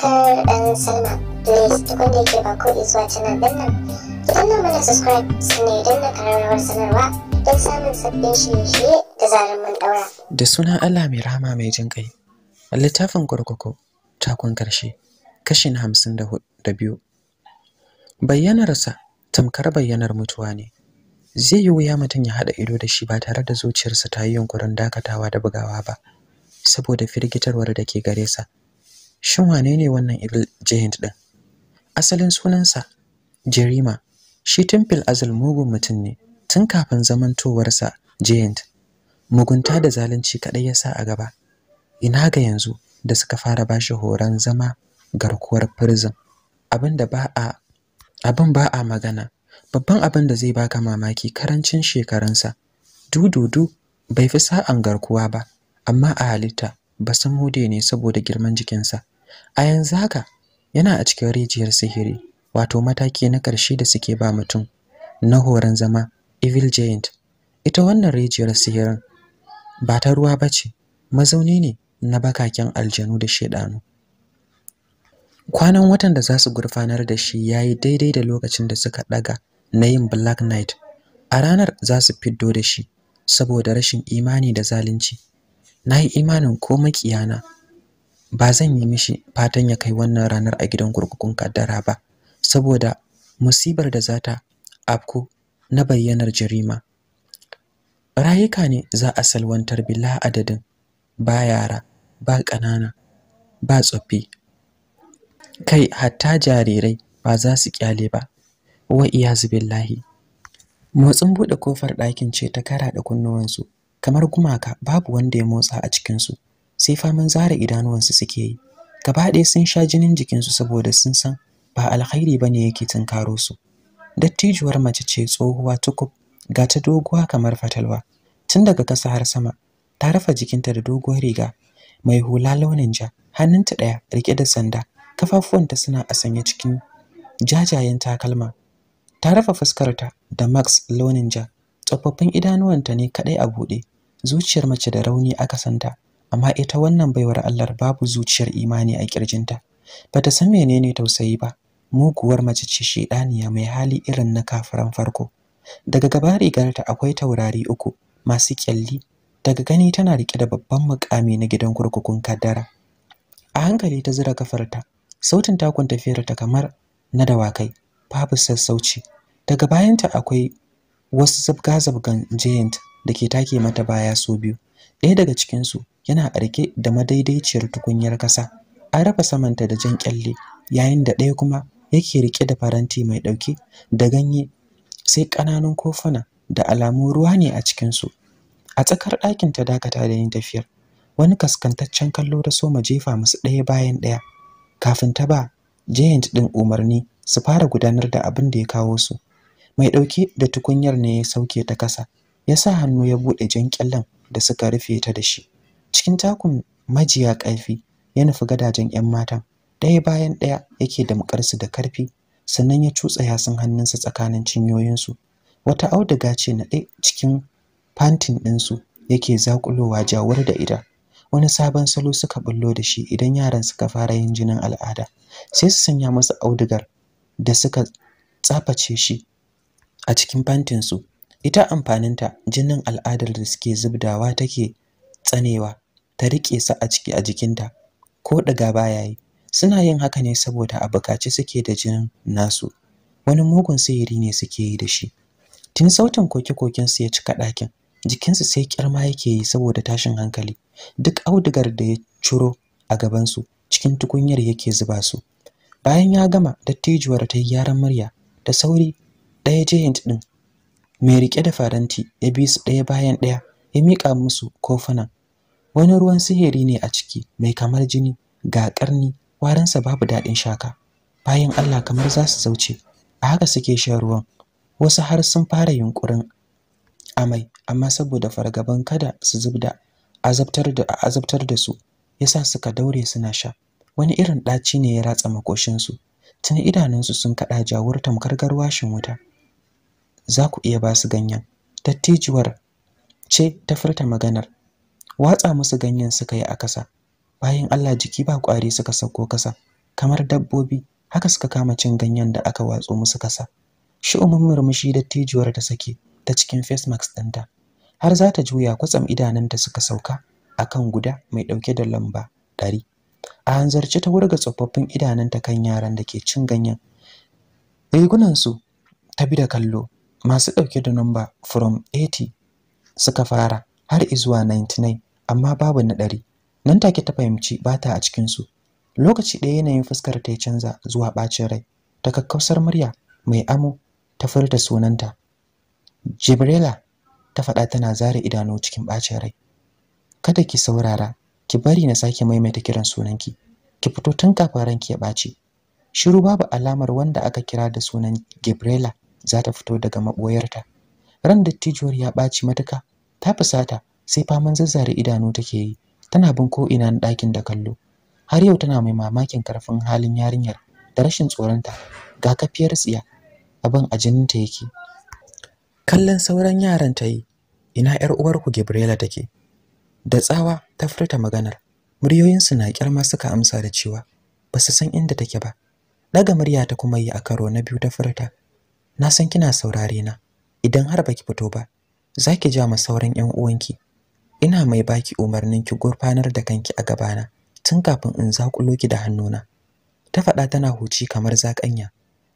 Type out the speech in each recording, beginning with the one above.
subscribe and sign up. Please ke subscribe sanarwa don samun sabbin shirye-shirye da zarar daura. Da sunan Allah mai rahama mai jin kai. Littafin gurgurku takun karshe kashin hamsin da biyu. Bayyanarsa tamkar bayyanar mutuwa ne. Zai yi wuya mutum ya haɗa ido da shi ba tare da zuciyarsa ta yi yunkurin dakatawa da bugawa ba, saboda firgitarwar da ke gare sa. shin wane ne wannan evil giant din asalin sunansa jerima shi fil azal mugun mutum ne tun kafin zamantowarsa giant mugunta da zalunci kaɗai ya sa a gaba ina ga yanzu da suka fara ba shi horon zama garkuwar prison abin ba a magana babban abin da zai baka mamaki karancin shekarunsa dududu bai fi sa'an garkuwa ba amma a halitta ba mude ne saboda girman jikinsa a yanzu haka yana a cikin rijiyar sihiri wato mataki na ƙarshe da suke ba mutum na horon zama evil giant ita wannan rijiyar sihirin ba ta ruwa ba ce mazauni ne na bakaken aljanu da shaidanu kwanan watan da za su gurfanar da shi ya yi daidai da lokacin da suka ɗaga na yin black knight a ranar za su fiddo da shi saboda rashin imani da zalunci na yi imanin ko makiyana ba zan yi mishi fatan ya kai wannan ranar a gidan kurkukun kaddara ba saboda musibar da za ta afko na bayyanar jarima rayuka ne za a salwantar bila adadin ba yara ba ƙanana ba tsoffi kai hatta jarirai ba za su kyale ba wa iyazu billahi motsin buɗe kofar ɗakin ce ta kara da kunnuwansu kamar gumaka babu wanda ya motsa a cikinsu sai faman zara idanuwansu suke yi gaba ɗaya sun sha jinin jikinsu saboda sun san ba alkhairi ba ne yake tunkaro su dattijuwar mace ce tsohuwa tukub ga ta doguwa kamar fatalwa tun daga ƙasa har sama ta rufe jikinta da doguwar riga mai hula launin ja hannunta ɗaya riƙe da sanda kafafuwanta suna a sanye cikin jajayen takalma ta rufe fuskarta da max launin ja tsofaffin idanuwanta ne kaɗai a buɗe zuciyar mace da rauni aka santa amma ita wannan baiwar Allah babu zuciyar imani a kirjinta bata san menene tausayi ba muguwar mace ce shedaniya mai hali irin na kafiran farko daga gaba rigarta akwai taurari uku masu kyalli daga gani tana rike da babban mukami na gidan kurkukun kaddara a hankali ta zura kafarta sautin takun tafiyar ta kamar na dawakai babu sassauci daga bayanta akwai wasu zabga-zabgan giant da ke take mata baya so biyu ɗaya daga cikinsu yana ariƙe da madaidaiciyar tukunyar ƙasa an rufe samanta da jan ƙyalle yayin da ɗaya kuma yake riƙe da faranti mai ɗauke da ganye sai ƙananan kofuna da alamun ruwa ne a cikinsu a tsakar ɗakin ta dakata da yin tafiyar wani kaskantaccen kallo da soma jefa musu ɗaya bayan ɗaya kafin ta ba jayant ɗin umarni su fara gudanar da abin da ya kawo su mai ɗauke da tukunyar ne ya sauke ta ƙasa. ya sa hannu ya buɗe jan ƙyallen da suka rufe ta da shi cikin takun majiya ƙarfi ya nufi gadajen 'yan matan ɗaya bayan ɗaya yake da su da karfi sannan ya cutsa yasun hannunsa tsakanin cinyoyinsu wata auduga ce na ɗaya cikin fantin ɗinsu yake zakulowa jawar da ita wani sabon salo suka bullo da shi idan yaran suka fara yin jinin al'ada sai su sanya masa audugar da suka tsaface shi a cikin fantinsu ita amfaninta jinin al'adar da suke zubdawa take tsanewa ta rike sa a ciki a jikinta ko daga baya yi suna yin haka ne saboda a bukaci suke da jinin nasu wani mugun sihiri ne suke yi da shi tun sautin koke-koken su ya cika ɗakin jikinsu sai kirma yake yi saboda tashin hankali duk audigar da ya ciro a gabansu cikin tukunyar yake zuba su bayan ya gama dattijuwar ta yi yaran murya da sauri ɗaya jihin ɗin mai rike da faranti ya bi su ɗaya bayan ɗaya ya miƙa musu kofunan wani ruwan sihiri ne a ciki mai kamar jini ga ƙarni warinsa babu daɗin shaka bayan Allah kamar za su zauce a haka suke shan ruwan wasu har sun fara yunƙurin amai amma saboda fargaban kada su zubda azabtar da azabtar da su yasa suka daure suna sha wani irin ɗaci ne ya ratsa makoshinsu Tun idanunsu sun kaɗa jawur tamkar garwashin wuta za ku iya ba su ganyen Tattijuwar ce ta furta maganar watsa musu ganyen suka yi a ƙasa. bayan Allah jiki ba ƙwari suka sauko ƙasa, kamar dabbobi haka suka kama cin ganyen da aka watso musu kasa shi murmushi dattijuwar ta sake ta cikin face mask ɗinta har za ta juya kwatsam idananta suka sauka a kan guda mai ɗauke da lamba ɗari a hanzarci ta wurga tsofaffin idananta kan yaran da ke cin ganyen rigunansu ta bi da kallo masu ɗauke da numba from 80 suka fara har izuwa 99 amma babu na ɗari nan take ta fahimci ba ta a cikinsu lokaci ɗaya yanayin fuskar ta ya canza zuwa ɓacin rai ta kakkausar murya mai amo ta furta sunanta jibrila ta faɗa tana zare idanu cikin ɓacin rai kada ki saurara ki bari na sake maimaita kiran sunanki ki fito tun kafin ranki ya ɓaci shiru babu alamar wanda aka kira da sunan Gabriela za ta fito daga maboyarta ran dattijuwar ya ɓaci matuka ta fusata sai faman zazzare idanu take yi tana bin ko ina na ɗakin da kallo har yau tana mai mamakin karfin halin yarinyar da rashin tsoronta ga kafiyar tsiya abin a jininta yake kallon sauran yaran ta yi ina yar uwarku Gabriela take da tsawa ta furta maganar muryoyinsu na kyarma suka amsa da cewa ba su san inda take ba daga murya ta kuma yi a karo na biyu ta furta na san kina saurare na idan har baki fito ba zaki ja ma sauran ƴan uwanki ina mai baki umarnin ki gurfanar da kanki a gabana tun kafin in zakulo ki da hannuna ta faɗa tana huci kamar zakanya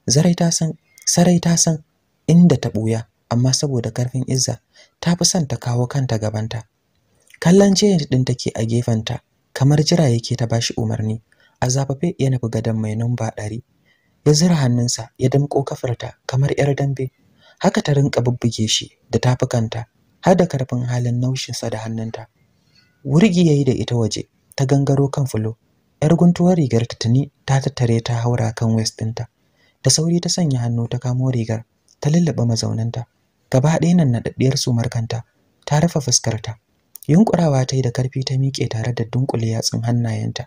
zarai ta san sarai ta san inda ta buya amma saboda karfin izza ta fi son ta kawo kanta gabanta kallon jayant din take a gefenta kamar jira yake ta bashi umarni a zafafe ya nufi gadon mai numba ɗari ya zira hannunsa ya damƙo kafarta kamar 'yar dambe haka ta rinka bubbuge shi da tafukanta har da karfin halin naushinsa da hannunta wurgi yayi da ita waje ta gangaro kan fulo 'yar guntuwar rigar ta tuni ta tattare ta haura kan West ɗinta da sauri ta sanya hannu ta kamo rigar ta lullaba mazauninta gaba ɗaya nan naɗaɗɗiyar su Markanta ta rufe fuskarta yunkurawa ta yi da karfi ta miƙe tare da dunkule yatsun hannayenta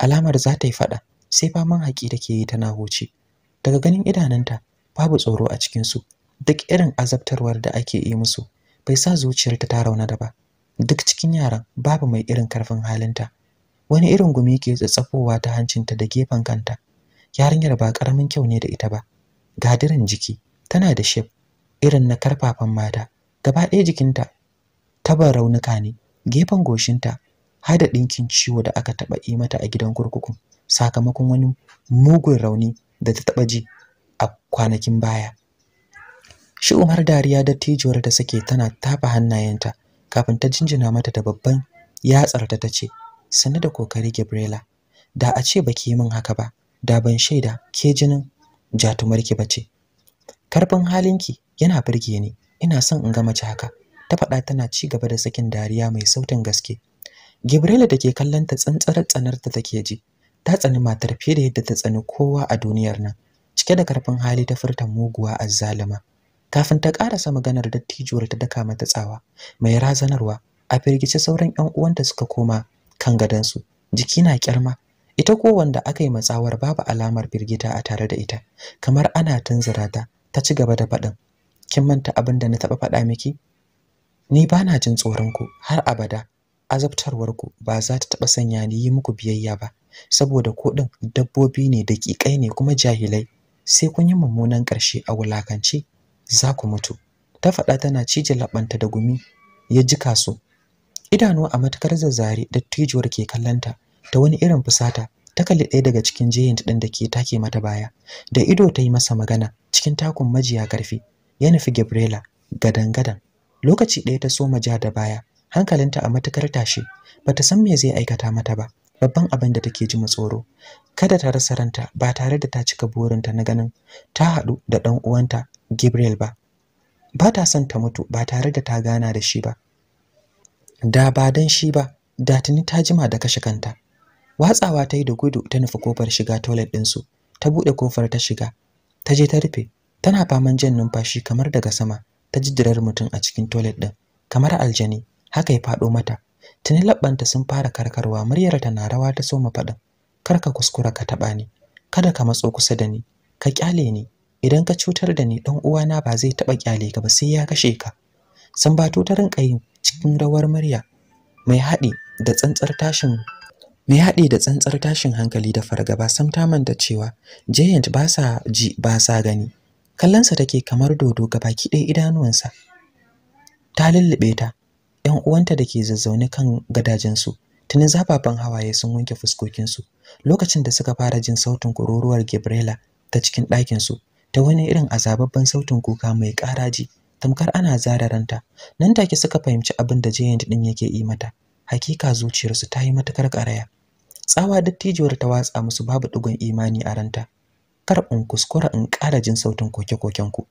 alamar za ta yi faɗa sai faman haƙi take yi tana huce daga ganin idanunta babu tsoro a cikin su duk irin azabtarwar da ake yi musu bai sa zuciyarta ta rauna da ba duk cikin yaran babu mai irin karfin halinta wani irin gumi ke tsatsafowa ta hancinta da gefen kanta yarinyar ba karamin kyau ne da ita ba Gadirin jiki tana da shef irin na karfafan mata gaba ɗaya jikinta Taba raunuka ne gefen goshinta hada ɗinkin ciwo da aka taɓa yi mata a gidan kurkukun sakamakon wani mugun rauni da ta taɓa ji a kwanakin baya. Shi Umar Dariya dattijuwar da suke tana tafa hannayenta kafin ta jinjina mata da babban yatsarta ta ce, "Sani da kokari Gabriela, da a ce baki min haka ba, da ban shaida ke jinin jatumarki bace. Karfin halinki yana birge ni, ina son in ga mace haka." Ta faɗa tana ci gaba da sakin dariya mai sautin gaske. Gabriela da ke kallon ta tsantsarar tsanarta take ji, ta tsani matar fiye da yadda ta tsani kowa a duniyar nan cike da karfin hali ta furta muguwa a zalima kafin ta karasa maganar dattijuwar ta daka mata tsawa mai razanarwa a firgice sauran 'yan uwanta suka koma kan gadansu jiki na kyarma ita ko wanda aka yi matsawar babu alamar firgita a tare da ita kamar ana tunzura ta ta ci gaba da faɗin kin manta abin da na taɓa faɗa miki ni ba na jin tsoron ku har abada azabtarwar ku ba za ta taɓa sanya ni yi muku biyayya ba saboda ko din dabbobi ne daƙiƙai ne kuma jahilai sai kun yi mummunan ƙarshe a wulakanci za ku mutu ta faɗa tana cije labanta da gumi ya jika su idanu a matakar zazzare dattijuwar ke kallanta ta wani irin fusata ta kalli ɗaya daga cikin jeyin ɗin da ke take mata baya da ido ta yi masa magana cikin takun majiya ƙarfi ya nufi gabriela gadan-gadan lokaci ɗaya ta soma ja da baya hankalinta a matakar tashi bata san me zai aikata mata ba babban abin da take ji mu tsoro kada ta rasa ranta ba tare da ta cika burinta na ganin ta hadu da dan uwanta Gabriel ba ba ta son ta mutu ba tare da ta gana da shi ba da ba dan shi ba da tuni ta jima da kashe kanta watsawa ta yi da gudu ta nufi kofar shiga toilet su ta buɗe kofar ta shiga ta je ta rufe tana faman jan numfashi kamar daga sama ta ji dirar mutum a cikin toilet ɗin kamar aljani haka ya faɗo mata tuni labbanta sun fara karkarwa muryar ta na rawa ta soma faɗin kar ka kuskura ka taɓa ni kada ka matso kusa da ni ka kyale ni idan ka cutar da ni dan uwana ba zai taɓa kyale ka ba sai ya kashe ka sambato ta rinka yin cikin rawar murya mai haɗi da tsantsar tashin mai hadi da tsantsar tashin hankali da fargaba sam ta manta cewa giant ba sa ji ba sa gani kallonsa take kamar dodo ga baki ɗaya idanuwansa ta lullube ta 'yan uwanta da ke zazzaune kan gadajensu tuni zafafen hawaye sun wanke fuskokinsu lokacin da suka fara jin sautin kururuwar Gabriela ta cikin ɗakinsu ta wani irin azababban sautin kuka mai ƙaraji tamkar ana zararanta, ranta nan take suka fahimci abin da Giant din yake yi mata hakika zuciyarsu ta yi matuƙar ƙaraya. tsawa dattijowar ta watsa musu babu ɗigon imani a ranta kar in kuskura in ƙara jin sautin koke-kokenku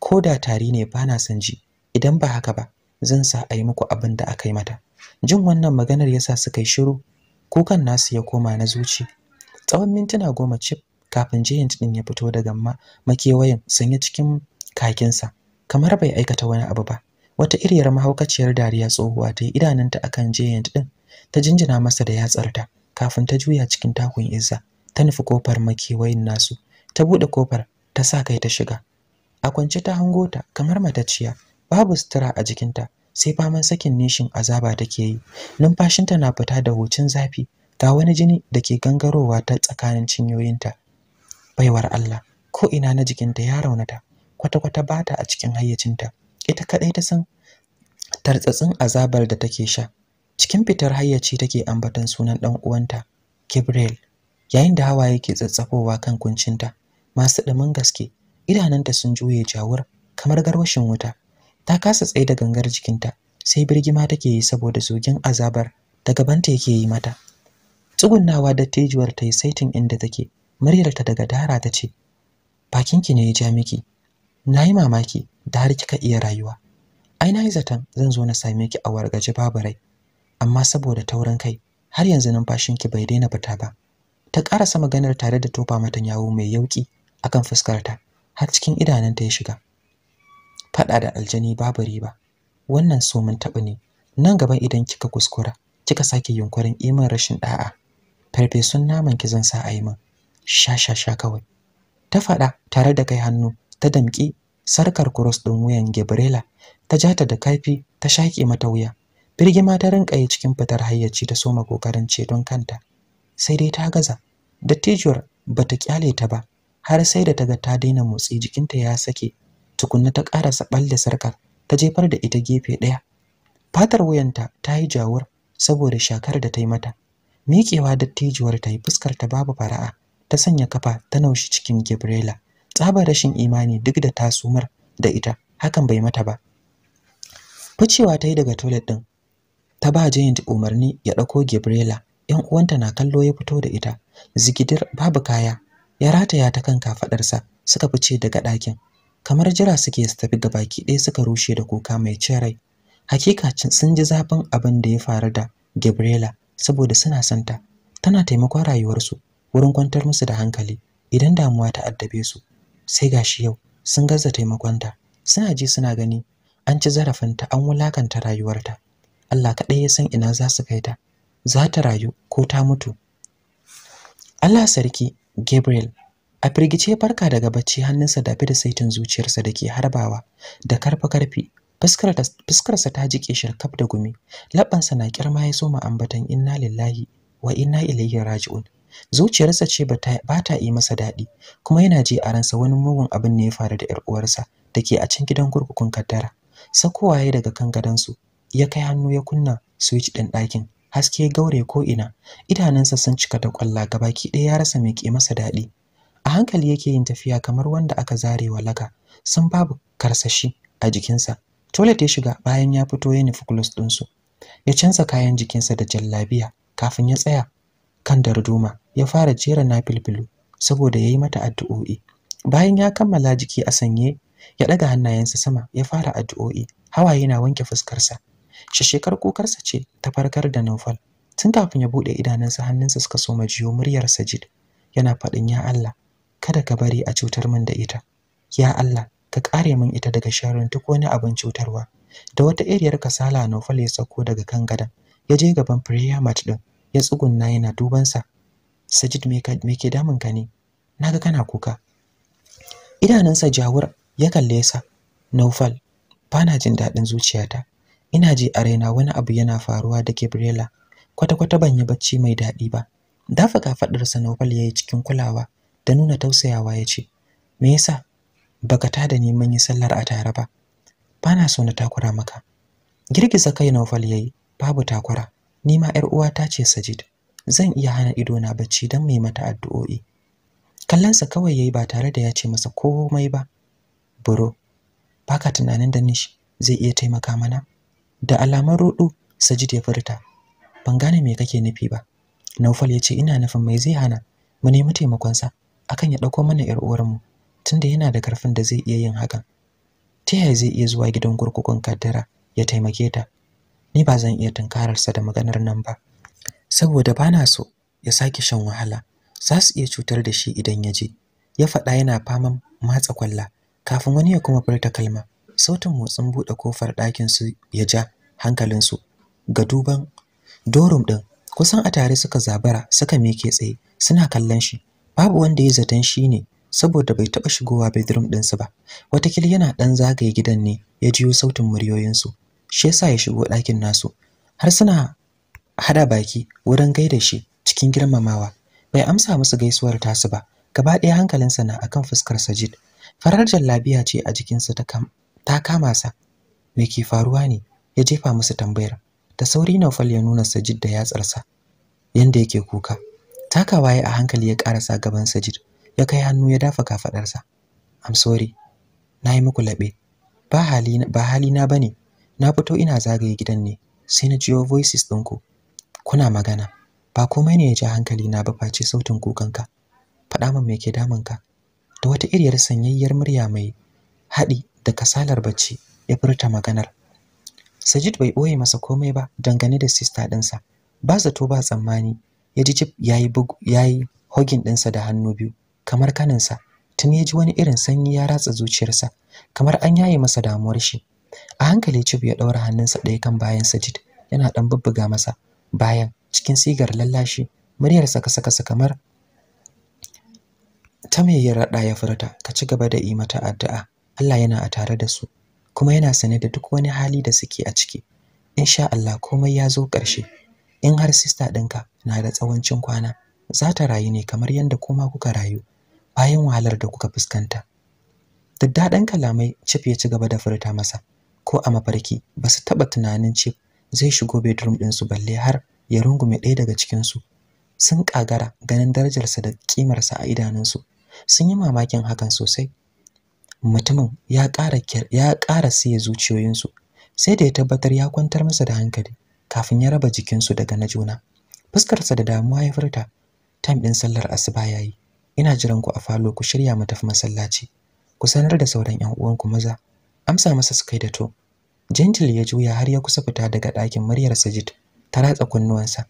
ko da tari ne ba na son ji idan ba haka ba zan sa a yi muku abin da aka yi mata jin wannan maganar yasa suka yi shiru kukan nasu ya koma na zuci tsawon mintuna goma cif kafin jiyan ɗin ya fito daga ma makewayin sanye cikin kakinsa kamar bai aikata wani abu ba wata iriyar mahaukaciyar dariya tsohuwa ta yi idanunta akan jiyan ɗin. ta jinjina masa da yatsarta kafin ta juya cikin takun izza ta nufi kofar makewayin nasu ta buɗe kofar ta sa kai ta shiga a kwance ta hango ta kamar matacciya babu sutura a jikinta sai faman sakin nishin azaba take yi numfashinta na fita da hucin zafi ga wani jini da ke gangarowa ta tsakanin cinyoyinta baiwar Allah ko ina na jikinta ya raunata kwata-kwata bata a cikin hayyacinta ita kadai ta san tartsatsin azabar da take sha cikin fitar hayyaci take ambatan sunan dan uwanta Gabriel yayin da hawaye ke tsatsafowa kan kuncinta masu dumin gaske idananta sun juye jawur kamar garwashin wuta ta kasa tsaye da gangar jikinta sai birgima take yi saboda zogin azabar da gabanta yake yi mata tsugunnawa da Tejuwar ta yi saitin inda take muryarta daga dara ta ce bakinki ne ya ja miki na yi mamaki da har kika iya rayuwa ai na yi zaton zan zo na same ki a wargaje babu rai amma saboda taurin kai har yanzu ki bai daina fita ba ta ƙarasa maganar tare da tofa mata yawo mai yauƙi akan fuskarta har cikin idanunta ya shiga faɗa da aljani babu riba wannan so mun taɓa ne nan gaba idan kika kuskura kika sake yunkurin iman rashin da'a farfesun naman ki zan sa a yi min sha sha sha kawai ta faɗa tare da kai hannu ta damƙi sarkar cross ɗin wuyan Gabriela ta ja ta da kaifi ta shaƙe mata wuya birgima ta rinƙa yi cikin fitar hayyaci ta soma kokarin ceton kanta sai dai ta gaza dattijuwar ta kyale ta ba har sai da ta ga ta daina motsi jikinta ya sake tukunna ta karasa da sarkar ta jefar da ita gefe ɗaya. fatar wuyanta ta yi jawur saboda shakar da ta yi mata miƙewa dattijuwar ta yi fuskar ta babu fara'a ta sanya kafa ta naushi cikin Gabriela tsabar rashin imani duk da tasumar da ita hakan bai mata ba ficewa ta yi daga toilet ɗin ta ba jayant umarni ya ɗauko Gabriela ‘yan uwanta na kallo ya fito da ita zigidir babu kaya ya rataya ta kan kafaɗarsa suka fice daga ɗakin kamar jira suke su tafi baki ɗaya suka rushe da kuka mai cin rai hakika sun ji zafin abin da ya faru da Gabriela saboda suna son ta tana taimakon rayuwarsu wurin kwantar musu da hankali idan damuwa ta addabe su sai gashi yau sun gaza taimakonta suna ji suna gani an ci zarafin ta an wulakanta rayuwarta Allah kaɗai ya san ina za su kai ta za ta rayu ko ta mutu Allah sarki Gabriel a firgice farka daga bacci hannunsa dafi da saitin zuciyarsa da ke harbawa da karfi karfi fuskarsa ta jike shirkaf da gumi labbansa na kirma ya soma ambatan inna lillahi wa inna ilaihi raji'un zuciyarsa ce ba ta yi masa daɗi kuma yana je a ransa wani mugun abin ne ya faru da 'yar uwarsa da ke a can gidan kurkukun kaddara sakowa ya daga kan su, ya kai hannu ya kunna switch ɗin ɗakin haske gaure ko ina idanunsa sun cika da kwalla gabaki ɗaya ya rasa mai ke masa daɗi a hankali yake yin tafiya kamar wanda aka zare wa laka sun babu karsashi a jikinsa toilet ya shiga bayan ya fito ya nufi ɗinsu ya canza kayan jikinsa da jallabiya kafin ya tsaya kan darduma ya fara jera na filfilu saboda ya yi mata addu'o'i bayan ya kammala jiki a sanye ya ɗaga hannayensa sama ya fara addu'o'i hawaye na wanke fuskarsa shashekar kokarsa ce ta farkar da nufal tun kafin ya buɗe idanunsa hannunsa suka soma jiyo muryar Sajid yana faɗin ya Allah kada ka bari a cutar min da ita ya Allah ka kare min ita daga sharrin duk wani abin cutarwa da wata iriyar kasala Nofal ya sauko daga kan gadan ya je gaban prayer mat din ya tsugunna yana duban sa Sajid me ke damun ka ne naga kana kuka idanunsa jawur ya kalle sa Naufal bana jin daɗin zuciyata ina ji a raina wani abu yana faruwa da Gabriela kwata-kwata ban yi bacci mai daɗi ba dafa kafaɗarsa Naufal ya yi cikin kulawa da nuna tausayawa ya ce me yasa baka ta ni mun yi sallar a tare ba bana so na takura maka girgiza kai Naufal yayi babu takura ni ma yar uwata ce Sajid zan iya hana ido na bacci dan mai mata addu'o'i Kallonsa kawai ya yi ba tare da ya ce masa komai ba buro baka tunanin da nishi zai iya taimaka mana da alamar rudu Sajid ya furta ban gane me kake nufi ba Naufal ya ce ina nufin mai zai hana mu nemi taimakonsa akan ya ɗauko mana ‘yar uwar mu tunda yana da karfin da zai iya yin hakan. Ta yaya zai iya zuwa gidan kurkukun kaddara ya taimake ta? Ni ba zan iya tunkarar sa da maganar nan ba, saboda bana so ya sake shan wahala. Za su iya cutar da shi idan ya je. Ya faɗa yana faman matsa kwalla kafin wani ya kuma furta kalma. Sautin motsin buɗe kofar ɗakin su ya ja hankalinsu ga duban dorum din, kusan a tare suka zabara suka meke tsaye suna kallon shi babu wanda ya zaton shi ne saboda bai taɓa shigowa bedroom ɗinsu ba watakila yana ɗan zagaye gidan ne ya jiyo sautin muryoyinsu shi yasa ya shigo ɗakin nasu har suna hada baki wurin gaida shi cikin girmamawa bai amsa musu gaisuwar tasu ba gaba ɗaya hankalinsa na akan fuskar Sajid farar jallabiya ce a jikinsa ta kam ta kama sa me ke faruwa ne ya jefa musu tambayar da sauri Naufal ya nuna Sajid da yatsarsa yanda yake kuka takawa waye a hankali ya karasa gaban Sajid ya kai hannu ya dafa kafadarsa I'm sorry na yi muku labe ba hali ba hali na bane na fito ina zagaye gidan ne sai na jiyo voices ɗinku kuna magana ba komai ne ya ji hankali na ba face sautin kukanka faɗa min me ke damunka da wata iriyar sanyayyar murya mai haɗi da kasalar bacci ya furta maganar Sajid bai ɓoye masa komai ba dangane da sista ɗinsa ba zato ba tsammani ya ji cip ya yi yayi hogin ɗinsa da hannu biyu kamar kaninsa tun ya ji wani irin sanyi ya ratsa zuciyarsa kamar an yaye masa damuwar shi a hankali cip ya ɗaura hannunsa ɗaya kan bayan sajid yana ɗan bubbuga masa bayan cikin sigar lallashi muryar saka saka kamar ta mai ya raɗa ya furta ka ci gaba da yi mata addu'a Allah yana a tare da su kuma yana sane da duk wani hali da suke a ciki insha Allah komai ya zo ƙarshe in har sister ɗinka na da tsawancin kwana za ta rayu ne kamar yadda kuma kuka rayu bayan wahalar da kuka fuskanta daɗin kalamai chip ya ci gaba da furta masa ko a mafarki ba su taɓa tunanin cif zai shigo bedroom su balle har ya rungume ɗaya daga cikin su sun ƙagara ganin darajarsa da ƙimarsa a idanunsu sun yi mamakin hakan sosai mutumin ya ƙara ya ƙara zuciyoyinsu sai da ya tabbatar ya kwantar masa da hankali kafin ya raba jikinsu daga na juna fuskarsa da damuwa ya furta tam ɗin sallar asuba yayi ina jiran ku a falo ku shirya mu tafi masallaci ku sanar da sauran ƴan uwanku maza amsa masa suka yi da to gentle ya juya har ya kusa fita daga ɗakin muryar sajid ta ratsa kunnuwansa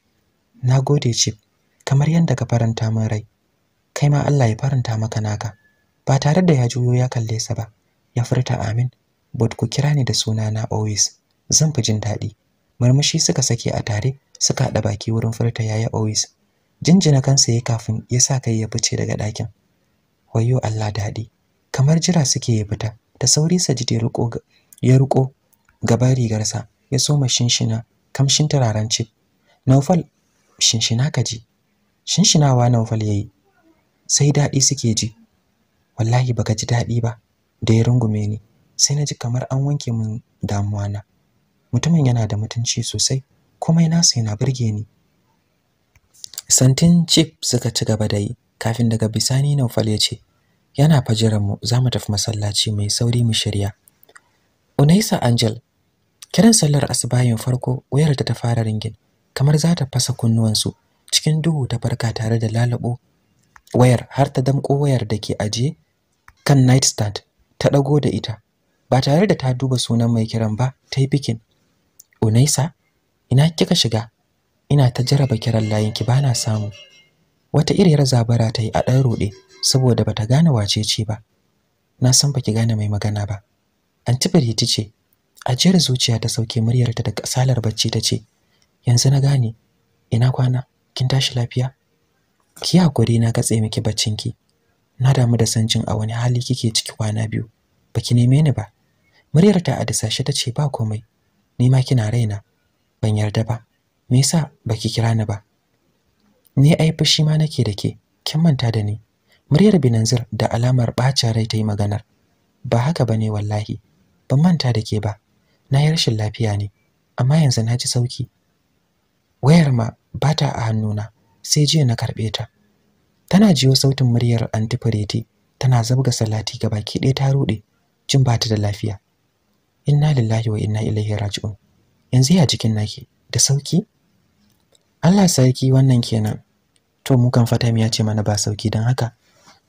na gode chief kamar yadda ka faranta min rai kai ma Allah ya faranta maka naka ba tare da ya juyo ya kalle sa ba ya furta amin but ku kira ni da sunana always zan fi jin daɗi murmushi suka sake a tare suka haɗa baki wurin furta yaya always jinjina kansa ya kafin ya sa kai ya fice daga dakin. wayo Allah daɗi kamar jira suke ya fita da sauri sa ji riko ya ruko gaba rigarsa ya soma shinshina kamshin turaren cif Naufal shinshina ka ji shinshinawa Naufal yayi sai daɗi suke ji wallahi baka ji daɗi ba da ya rungume ni sai na ji kamar an wanke min damuwa na mutumin yana da mutunci sosai komai nasu yana burge ni santin Chief suka ci gaba da yi kafin daga bisani naufal ya ce yana fajiranmu za mu tafi masallaci mai sauri mu shirya unaisa angel kiran sallar asibayin farko wayar ta fara ringin kamar za ta fasa su, cikin duhu ta farka tare da lalabo wayar har ta damƙo wayar da ke ajiye kan stand ta ɗago da ita ba tare da ta duba sunan mai kiran ba ta yi bikin unaisa ina kika shiga ina ta jaraba kiran layin ki bana samu wata iriyar zabara ta yi a ɗan ruɗe saboda bata gane wace ce ba na san baki gane mai magana ba antibari ta ce ajiyar zuciya ta sauke muryarta da kasalar bacci ta ce yanzu na gane ina kwana kin tashi lafiya ki hakuri na katse miki ki. na damu da san a wani hali kike ciki kwana biyu baki neme ni ba muryar ta a dasashe ta ce ba komai ni ma kina raina ban yarda ba me yasa baki kira ni ba ni ai fushi ma nake da ke kin manta da ni muryar binanzir da alamar bacin rai ta yi maganar ba haka bane wallahi ban manta da ke ba na yi rashin lafiya ne amma yanzu na ji sauki wayar ma ba ta a hannuna sai jiya na karɓe ta tana jiyo sautin muryar antifireti tana zabga salati ga baki ɗaya ta ruɗe jin ba ta da lafiya inna lillahi wa inna ilaihi raji'un yanzu ya jikin naki da sauki Allah sarki wannan kenan to mu kan fata ya ce mana ba sauki dan haka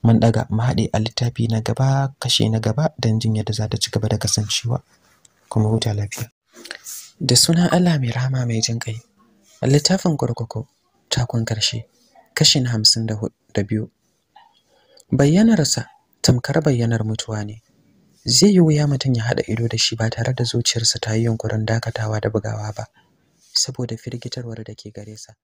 mun daga mu haɗe a littafi na gaba kashe na gaba dan jin yadda za ta ci gaba da kasancewa kuma huta lafiya da suna Allah mai rahama mai jin kai a littafin kurkuku takon karshe kashi na hamsin da biyu bayyanarsa tamkar bayyanar mutuwa ne zai yi wuya mutum ya haɗa ido da shi ba tare da zuciyarsa ta yi yunƙurin dakatawa da bugawa ba saboda firgitarwar da ke gare sa